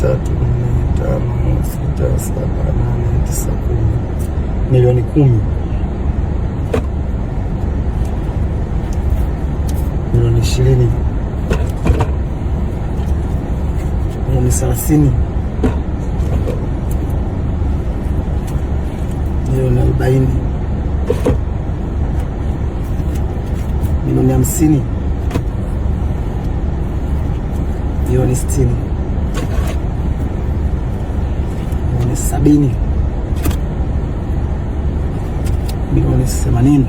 tatu nne tano sita saba nane tisa kumi, milioni kumi, milioni ishirini, milioni thelathini, milioni arobaini, milioni hamsini, milioni sitini milioni sabini bilioni themanini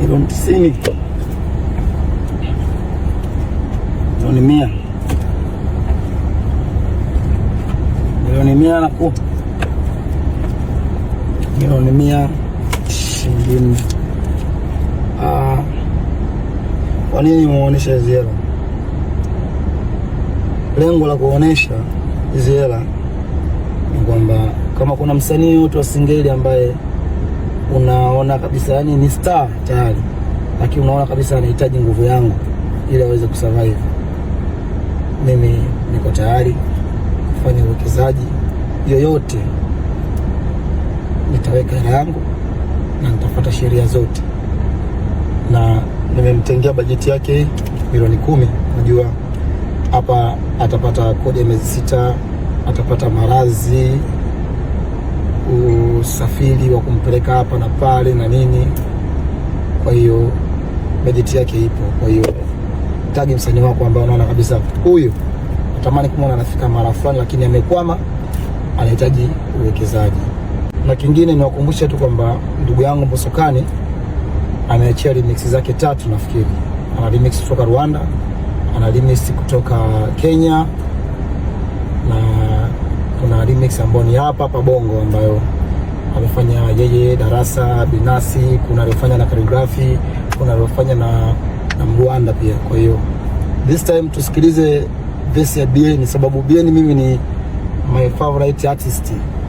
milioni tisini milioni mia milioni mia naku milioni mia ishirini. Ah, kwa nini muoneshe zero? lengo la kuonesha hizi hela ni kwamba kama kuna msanii yote wa singeli ambaye unaona kabisa yani ni star tayari, lakini unaona kabisa anahitaji nguvu yangu ili aweze kusurvive, mimi niko tayari kufanya uwekezaji yoyote, nitaweka hela yangu na nitafuata sheria zote, na nimemtengea bajeti yake milioni kumi. Najua hapa atapata kodi ya miezi sita, atapata marazi usafiri wa kumpeleka hapa na pale na nini. Kwa hiyo bajeti yake ipo. Kwa hiyo tagi msanii wako ambaye unaona kabisa huyu natamani kumwona anafika mara fulani, lakini amekwama, anahitaji uwekezaji. Na kingine niwakumbusha tu kwamba ndugu yangu Mbosokani ameachia remix zake tatu, nafikiri ana remix kutoka Rwanda ana remix kutoka Kenya na kuna remix ambayo ni hapa hapa Bongo ambayo amefanya yeye Darasa Binasi, kuna aliyofanya na Kaligrafi, kuna aliyofanya na, na Mgwanda pia. Kwa hiyo this time tusikilize verse ya Bien, sababu Bien mimi ni my favorite artist.